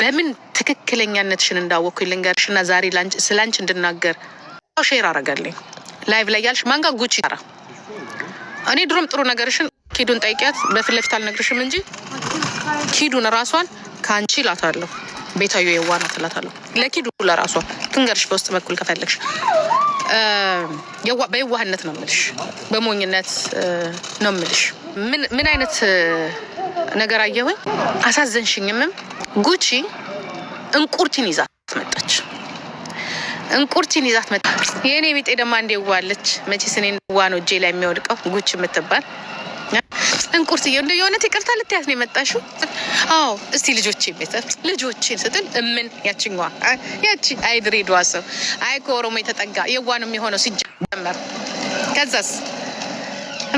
በምን ትክክለኛነትሽን እንዳወቅኩ ልንገርሽ እና ዛሬ ስለ አንቺ እንድናገር ሼር አረገልኝ ላይቭ ላይ ያልሽ ማንጋ ጉቺ ራ እኔ ድሮም ጥሩ ነገርሽን ኪዱን ጠይቂያት። በፊት ለፊት አልነግርሽም እንጂ ኪዱን ራሷን ከአንቺ ላታለሁ ቤታዩ የዋ ናት ለኪዱ ለራሷ ትንገርሽ በውስጥ በኩል ከፈለግሽ በየዋህነት ነው ምልሽ፣ በሞኝነት ነው ምልሽ። ምን አይነት ነገር አየሁኝ አሳዘንሽኝምም። ጉቺ እንቁርቲን ይዛት መጣች። እንቁርቲን ይዛት መጣች። የእኔ ቢጤ ደማ እንደዋለች። መቼስ እኔ እንደዋ ነው እጄ ላይ የሚወድቀው ጉቺ የምትባል እንቁርትዬ እንደ የእውነት ይቅርታ ልትያዝ ነው የመጣሽው? አዎ እስቲ ልጆች ቤተ ልጆችን ስትል እምን ያችኛ ያቺ አይ ድሬዳዋ ሰው አይ ከኦሮሞ የተጠጋ የዋ ነው የሚሆነው ሲጀመር። ከዛስ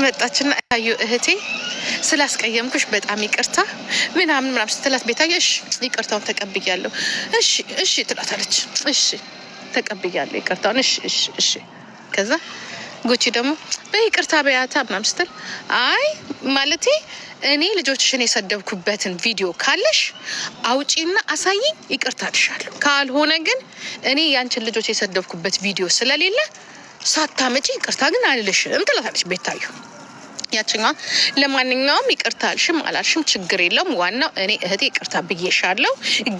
መጣችና ያዩ እህቴ ስላስቀየምኩሽ በጣም ይቅርታ ምናምን ምናምን ስትላት ቤታዬ እሺ ይቅርታውን ተቀብያለሁ፣ እሺ እሺ ትላታለች። እሺ ተቀብያለሁ ይቅርታውን፣ እሺ እሺ እሺ ከዛ ጉቺ ደግሞ በይቅርታ በያታ ምናምን ስትል አይ ማለቴ እኔ ልጆችሽን የሰደብኩበትን ቪዲዮ ካለሽ አውጪና አሳይኝ፣ ይቅርታ አድርሻለሁ። ካልሆነ ግን እኔ ያንችን ልጆች የሰደብኩበት ቪዲዮ ስለሌለ ሳታመጪ ይቅርታ ግን አልልሽም ትላታለች ቤታዩ ያችኛ ለማንኛውም ይቅርታ አልሽም አላልሽም ችግር የለውም። ዋናው እኔ እህቴ ይቅርታ ብዬሻለሁ፣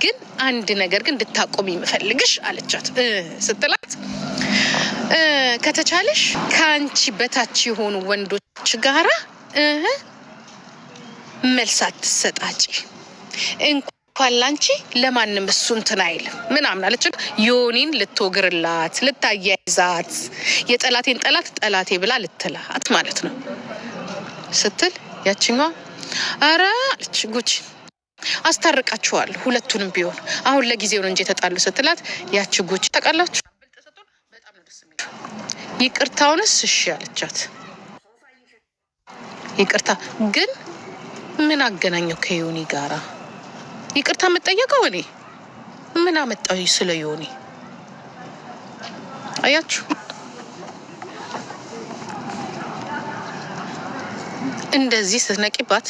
ግን አንድ ነገር ግን እንድታቆሚ የምፈልግሽ አለቻት ስትላት ከተቻለሽ ከአንቺ በታች የሆኑ ወንዶች ጋራ መልስ አትሰጣጭ። እንኳን ላንቺ ለማንም እሱ እንትን አይልም ምናምን አለች። ዮኒን ልትወግርላት ልታያይዛት፣ የጠላቴን ጠላት ጠላቴ ብላ ልትላት ማለት ነው ስትል ያችኛዋ አረ አለች ጉች አስታርቃችኋል ሁለቱንም ቢሆን አሁን ነው እንጂ የተጣሉ ስትላት ያች ጉች ታውቃላችሁ ይቅርታውንስ እሺ አለቻት። ይቅርታ ግን ምን አገናኘው ከዮኒ ጋራ? ይቅርታ የምጠየቀው እኔ ምን አመጣው ስለ ዮኒ? አያችሁ እንደዚህ ስትነቂባት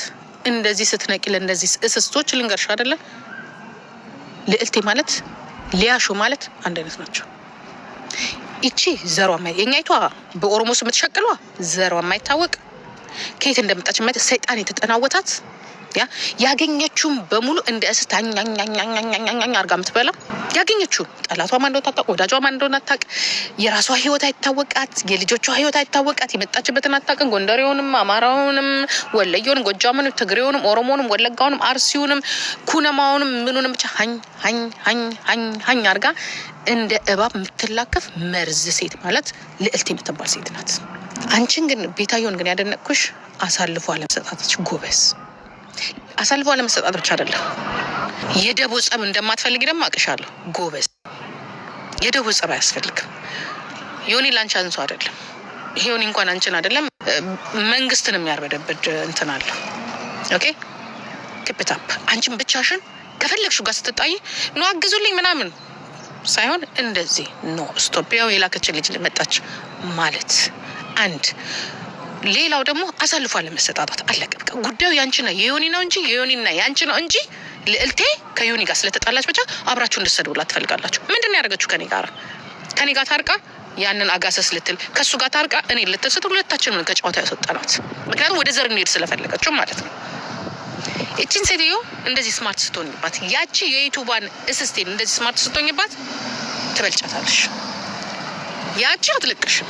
እንደዚህ ስትነቂ ለእንደዚህ እስስቶች ልንገርሽ አይደለ ልዕልቴ ማለት ሊያሹ ማለት አንድ አይነት ናቸው። ይቺ ዘሯ የኛይቷ በኦሮሞስ የምትሸቅሏ ዘሯ የማይታወቅ ከየት እንደመጣች ሰይጣን የተጠናወታት ያ ያገኘችውም በሙሉ እንደ እስት ኛኛኛኛኛኛኛ አርጋ ጠላቷ ማን እንደሆነ አታውቅ፣ ወዳጇ ማን እንደሆነ አታውቅ፣ የራሷ ህይወት አይታወቃት፣ የልጆቿ ህይወት አይታወቃት፣ የመጣችበትን አታውቅም። ጎንደሬውንም፣ አማራውንም፣ ወለየውንም፣ ጎጃሙንም፣ ትግሬውንም፣ ኦሮሞውንም፣ ወለጋውንም፣ አርሲውንም፣ ኩነማውንም ምኑንም ብቻ ሀኝ ሀኝ ሀኝ ሀኝ ሀኝ አርጋ እንደ እባብ የምትላከፍ መርዝ ሴት ማለት ልዕልት የምትባል ሴት ናት። አንቺን ግን ቤታየውን ግን ያደነቅኩሽ አሳልፎ አለመሰጣታች ጎበዝ አሳልፎ አለመሰጣት ብቻ አይደለም። የደቦ ጸብ እንደማትፈልግ ደግሞ አቅሻለሁ። ጎበዝ፣ የደቦ ጸብ አያስፈልግም። ዮኒ ላንቺ አንሶ አይደለም። ዮኒ እንኳን አንቺን አይደለም መንግስትን የሚያርበደብድ እንትን አለ። ኦኬ ክፕታፕ አንቺን ብቻሽን ከፈለግሽው ጋር ስትጣይ ኖ አግዙልኝ ምናምን ሳይሆን እንደዚህ ኖ ስቶፕ። ስቶፒያው የላከችን ልጅ መጣች ማለት አንድ ሌላው ደግሞ አሳልፎ አለመሰጣጣት አለቀ። ጉዳዩ ያንቺ ያንቺና የዮኒ ነው እንጂ የዮኒና ያንቺ ነው እንጂ ልዕልቴ ከዮኒ ጋር ስለተጣላች ብቻ አብራችሁ እንድትሰድቡላት ትፈልጋላችሁ። ምንድን ያደረገችው? ከኔ ጋር ከኔ ጋር ታርቃ ያንን አጋሰስ ልትል ከእሱ ጋር ታርቃ እኔ ልትስት ሁለታችን ምን ከጨዋታ ያስወጣናት? ምክንያቱም ወደ ዘር እንሄድ ስለፈለገችው ማለት ነው። እችን ሴትዮ እንደዚህ ስማርት ስትሆኝባት፣ ያቺ የዩቱባን እስስቴን እንደዚህ ስማርት ስትሆኝባት ትበልጫታለሽ። ያቺ አትለቅሽም።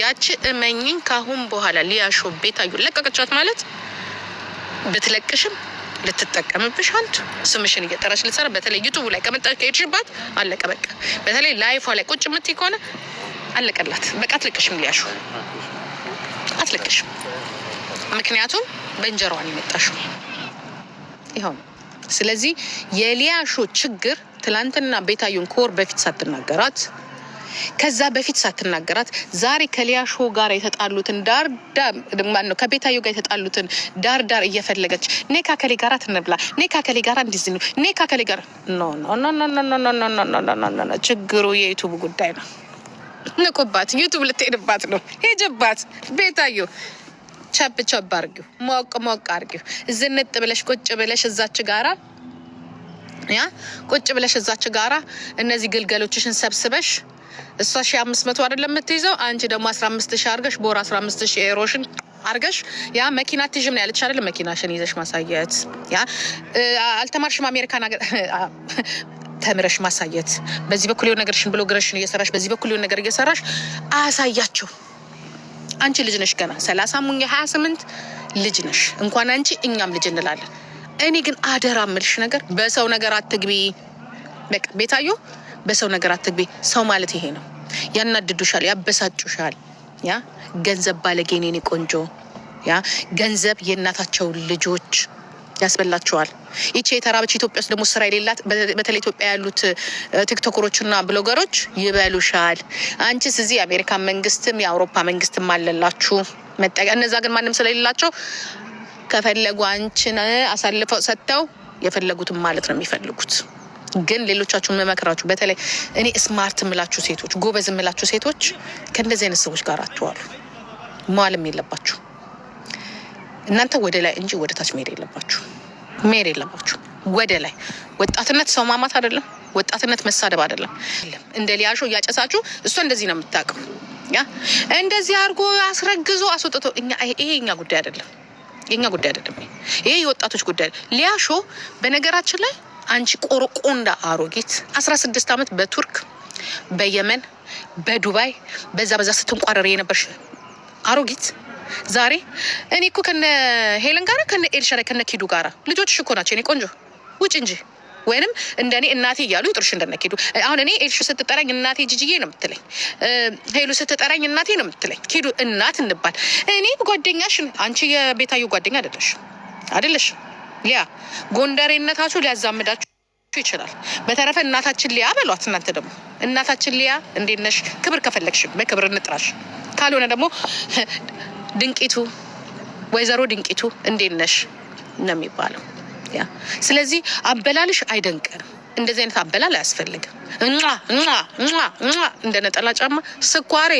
ያቺ እመኝኝ ካሁን በኋላ ሊያሾ ቤታዩ ለቀቀቻት ማለት ብትለቅሽም ልትጠቀምብሽ አንድ ስምሽን እየጠራች ልትሰራ በተለይ ዩቱቡ ላይ ከመጣ ከሄድሽባት አለቀ በቃ። በተለይ ላይፏ ላይ ቁጭ የምትይ ከሆነ አለቀላት በቃ። አትለቅሽም፣ ሊያሾ አትለቅሽም። ምክንያቱም በእንጀራዋን የመጣሹ ይኸው። ስለዚህ የሊያሾ ችግር ትላንትና ቤታዩን ከወር በፊት ሳትናገራት ከዛ በፊት ሳትናገራት ዛሬ ከሊያሾ ጋር የተጣሉትን ዳር ነው ከቤታዮ ጋር የተጣሉትን ዳርዳር እየፈለገች እኔ ካከሌ ጋራ ትንብላ እኔ ካከሌ ጋራ እንዲዝኑ ነው እኔ ካከሌ ጋር ችግሩ የዩቱብ ጉዳይ ነው። ንቁባት፣ ዩቱብ ልትሄድባት ነው። ሄጅባት ቤታዮ ቸብ ቸብ አርጊው፣ ሞቅ ሞቅ አርጊው፣ ዝንጥ ብለሽ ቁጭ ብለሽ እዛች ጋራ ያ ቁጭ ብለሽ እዛች ጋራ እነዚህ ግልገሎችሽን ሰብስበሽ እሷ ሺ አምስት መቶ አደለ የምትይዘው አንቺ ደግሞ አስራ አምስት ሺ አርገሽ በወር አስራ አምስት ሺ ኤሮሽን አርገሽ ያ መኪና ትዥም ነው ያለች አደለ መኪናሽን ይዘሽ ማሳየት ያ አልተማርሽም። አሜሪካን ሀገር ተምረሽ ማሳየት በዚህ በኩል የሆነ ነገርሽን ብሎ ግረሽን እየሰራሽ በዚህ በኩል የሆነ ነገር እየሰራሽ አያሳያቸው። አንቺ ልጅ ነሽ ገና ሰላሳ ሙኝ ሀያ ስምንት ልጅ ነሽ። እንኳን አንቺ እኛም ልጅ እንላለን። እኔ ግን አደራ ምልሽ ነገር በሰው ነገር አትግቢ። በቃ ቤታዮ በሰው ነገር አትግቢ። ሰው ማለት ይሄ ነው። ያናድዱሻል፣ ያበሳጩሻል። ያ ገንዘብ ባለጌን የኔ ቆንጆ፣ ያ ገንዘብ የእናታቸው ልጆች ያስበላቸዋል። ይቺ የተራበች ኢትዮጵያ ውስጥ ደግሞ ስራ የሌላት በተለይ ኢትዮጵያ ያሉት ቲክቶከሮችና ብሎገሮች ይበሉሻል። አንቺስ እዚህ የአሜሪካ መንግስትም የአውሮፓ መንግስትም አለላችሁ መጠቀ እነዛ ግን ማንም ስለሌላቸው ከፈለጉ አንቺን አሳልፈው ሰጥተው የፈለጉትን ማለት ነው የሚፈልጉት። ግን ሌሎቻችሁን መመክራችሁ በተለይ እኔ ስማርት ምላችሁ ሴቶች፣ ጎበዝ የምላችሁ ሴቶች ከእንደዚህ አይነት ሰዎች ጋር አትዋሉ። መዋልም የለባችሁ እናንተ ወደ ላይ እንጂ ወደ ታች መሄድ የለባችሁ መሄድ የለባችሁ ወደ ላይ። ወጣትነት ሰው ማማት አይደለም። ወጣትነት መሳደብ አይደለም። እንደ ሊያሾ እያጨሳችሁ እሷ እንደዚህ ነው የምታውቀው እንደዚህ አድርጎ አስረግዞ አስወጥቶ ይሄ እኛ ጉዳይ አይደለም። የኛ ጉዳይ አይደለም። ይሄ የወጣቶች ጉዳይ ሊያሾ። በነገራችን ላይ አንቺ ቆሮቆንዳ አሮጊት 16 አመት ዓመት በቱርክ በየመን በዱባይ በዛ በዛ ስትንቋረር የነበርሽ አሮጊት ዛሬ እኔ እኮ ከነ ሄለን ጋራ ከነ ኤልሻ ላይ ከነ ኪዱ ጋራ ልጆች ሽኮ ናቸው። እኔ ቆንጆ ውጭ እንጂ ወይንም እንደኔ እናቴ እያሉ ይጥሩሽ እንደነኪዱ አሁን እኔ ኤልሹ ስትጠራኝ እናቴ ጅጅዬ ነው የምትለኝ። ሄሉ ስትጠራኝ እናቴ ነው የምትለኝ። ኪዱ እናት እንባል። እኔ ጓደኛሽ አንቺ የቤታዩ ጓደኛ አደለሽ አደለሽ። ሊያ ጎንደሬነታችሁ ሊያዛምዳችሁ ይችላል። በተረፈ እናታችን ሊያ በሏት። እናንተ ደግሞ እናታችን ሊያ እንዴት ነሽ? ክብር ከፈለግሽ በክብር እንጥራሽ፣ ካልሆነ ደግሞ ድንቂቱ፣ ወይዘሮ ድንቂቱ እንዴት ነሽ ነው የሚባለው። ያ ስለዚህ አበላልሽ አይደንቅም። እንደዚህ አይነት አበላል አያስፈልግም። እኗ እንደ ነጠላ ጫማ ስኳሬ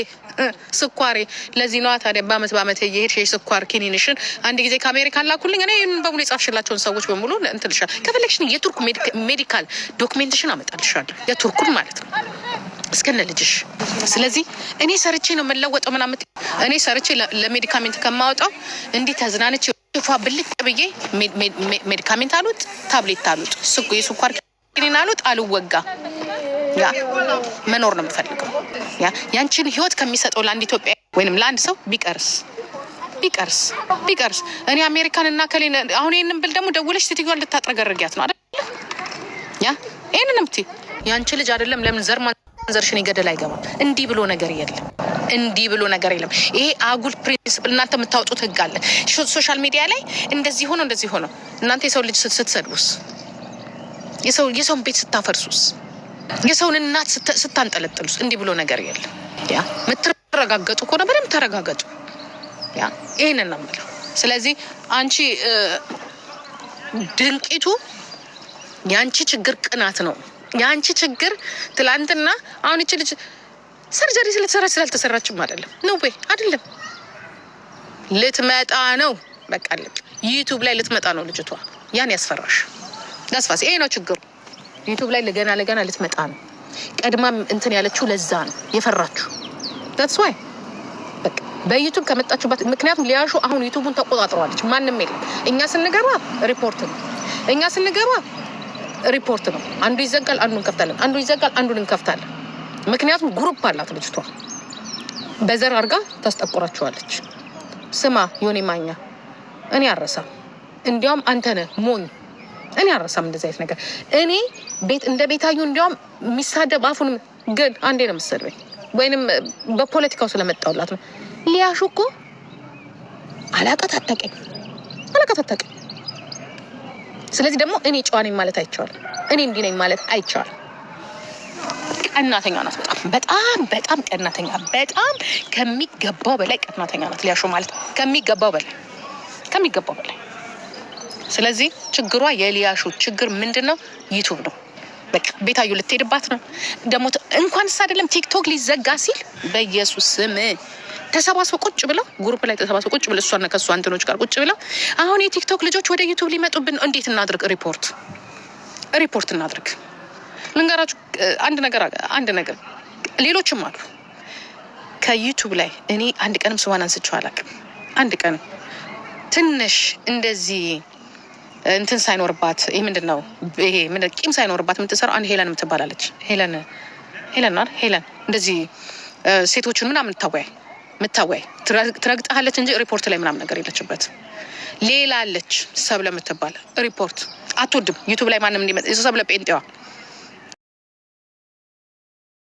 ስኳሬ። ለዚህ ነዋ ታዲያ በአመት በአመት እየሄድሽ የስኳር ኪኒንሽን አንድ ጊዜ ከአሜሪካን ላኩልኝ። እኔ ይህን በሙሉ የጻፍሽላቸውን ሰዎች በሙሉ እንትልሻል። ከፈለግሽን የቱርኩ ሜዲካል ዶክሜንትሽን አመጣልሻለሁ፣ የቱርኩን ማለት ነው እስከነ ልጅሽ። ስለዚህ እኔ ሰርቼ ነው መለወጠው ምናምን እኔ ሰርቼ ለሜዲካሜንት ከማወጣው እንዲህ ተዝናንቼ ይፋ ብልቅ ብዬ ሜዲካሜንት አሉት፣ ታብሌት አሉት፣ የስኳር ክኒን አሉት። አልወጋ ያ መኖር ነው የምፈልገው። ያ ያንቺን ህይወት ከሚሰጠው ለአንድ ኢትዮጵያ ወይንም ለአንድ ሰው ቢቀርስ ቢቀርስ ቢቀርስ እኔ አሜሪካን እና ከሌ አሁን ይህንን ብል ደግሞ ደውለሽ ሴትዮዋ ልታጥረገርጊያት ነው አይደል? ያ ይህንን ያንቺ ልጅ አይደለም ለምን ዘር ማንዘርሽን ይገደል አይገባም። እንዲህ ብሎ ነገር የለም። እንዲህ ብሎ ነገር የለም። ይሄ አጉል ፕሪንስፕል እናንተ የምታወጡት ህግ አለ ሶሻል ሚዲያ ላይ እንደዚህ ሆኖ እንደዚህ ሆኖ እናንተ የሰው ልጅ ስትሰድቡስ፣ የሰውን ቤት ስታፈርሱስ፣ የሰውን እናት ስታንጠለጥሉስ እንዲህ ብሎ ነገር የለም። ያ የምትረጋገጡ ከሆነ በደንብ ተረጋገጡ። ያ ይህንን ነው የምለው። ስለዚህ አንቺ ድንቂቱ የአንቺ ችግር ቅናት ነው። የአንቺ ችግር ትላንትና አሁን ይች ልጅ ሰርጀሪ ስለተሰራች ስላልተሰራችም አይደለም። ነው ወይ አይደለም? ልትመጣ ነው። በቃ ዩቱብ ላይ ልትመጣ ነው ልጅቷ። ያን ያስፈራሽ፣ ያስፋስ። ይሄ ነው ችግሩ። ዩቱብ ላይ ለገና ለገና ልትመጣ ነው። ቀድማም እንትን ያለችው ለዛ ነው የፈራችሁ። ዳትስ ዋይ በዩቱብ ከመጣችሁበት። ምክንያቱም ሊያሹ አሁን ዩቱቡን ተቆጣጥረዋለች ማንም የለም። እኛ ስንገባ ሪፖርት ነው። እኛ ስንገባ ሪፖርት ነው። አንዱ ይዘጋል፣ አንዱ እንከፍታለን። አንዱ ይዘጋል፣ አንዱን እንከፍታለን። ምክንያቱም ግሩፕ አላት ልጅቷ በዘር አድርጋ ታስጠቁራቸዋለች። ስማ ዮኒ ማኛ እኔ አረሳ፣ እንዲያውም አንተነ ሞኝ እኔ አረሳም እንደዚህ አይነት ነገር እኔ ቤት እንደ ቤታዩ እንዲያውም የሚሳደብ አፉን ግን አንዴ ነው የምትሰድበኝ ወይንም በፖለቲካው ስለመጣውላት ነው። ሊያሹ እኮ አላውቃት አታውቅም፣ አላውቃት አታውቅም። ስለዚህ ደግሞ እኔ ጨዋ ነኝ ማለት አይቻልም፣ እኔ እንዲህ ነኝ ማለት አይቻልም። ቀናተኛ ናት። በጣም በጣም በጣም ቀናተኛ በጣም ከሚገባው በላይ ቀናተኛ ናት። ሊያሾ ማለት ከሚገባው በላይ ከሚገባው በላይ ስለዚህ ችግሯ የሊያሹ ችግር ምንድን ነው? ዩቱብ ነው። በቃ ቤታዩ ልትሄድባት ነው። ደግሞ እንኳንስ አይደለም ቲክቶክ ሊዘጋ ሲል በኢየሱስ ስም ተሰባስበው ቁጭ ብለው ግሩፕ ላይ ተሰባስበው ቁጭ ብለው እሷና ከእሷ እንትኖች ጋር ቁጭ ብለው አሁን የቲክቶክ ልጆች ወደ ዩቱብ ሊመጡብን እንዴት እናድርግ? ሪፖርት ሪፖርት እናድርግ ልንገራችሁ አንድ ነገር አንድ ነገር ሌሎችም አሉ ከዩቱብ ላይ እኔ አንድ ቀንም ስሟን አንስቼው አላውቅም። አንድ ቀን ትንሽ እንደዚህ እንትን ሳይኖርባት ይህ ምንድን ነው ይሄ ቂም ሳይኖርባት የምትሰራው አንድ ሄለን የምትባላለች ሄለን ሄለን ነው ሄለን እንደዚህ ሴቶችን ምናምን ምታወያይ ምታወያይ ትረግጠሃለች እንጂ ሪፖርት ላይ ምናምን ነገር የለችበት። ሌላ አለች ሰብለ የምትባል ሪፖርት አትወድም ዩቱብ ላይ ማንም እንዲመጣ ሰብለ ጴንጤዋ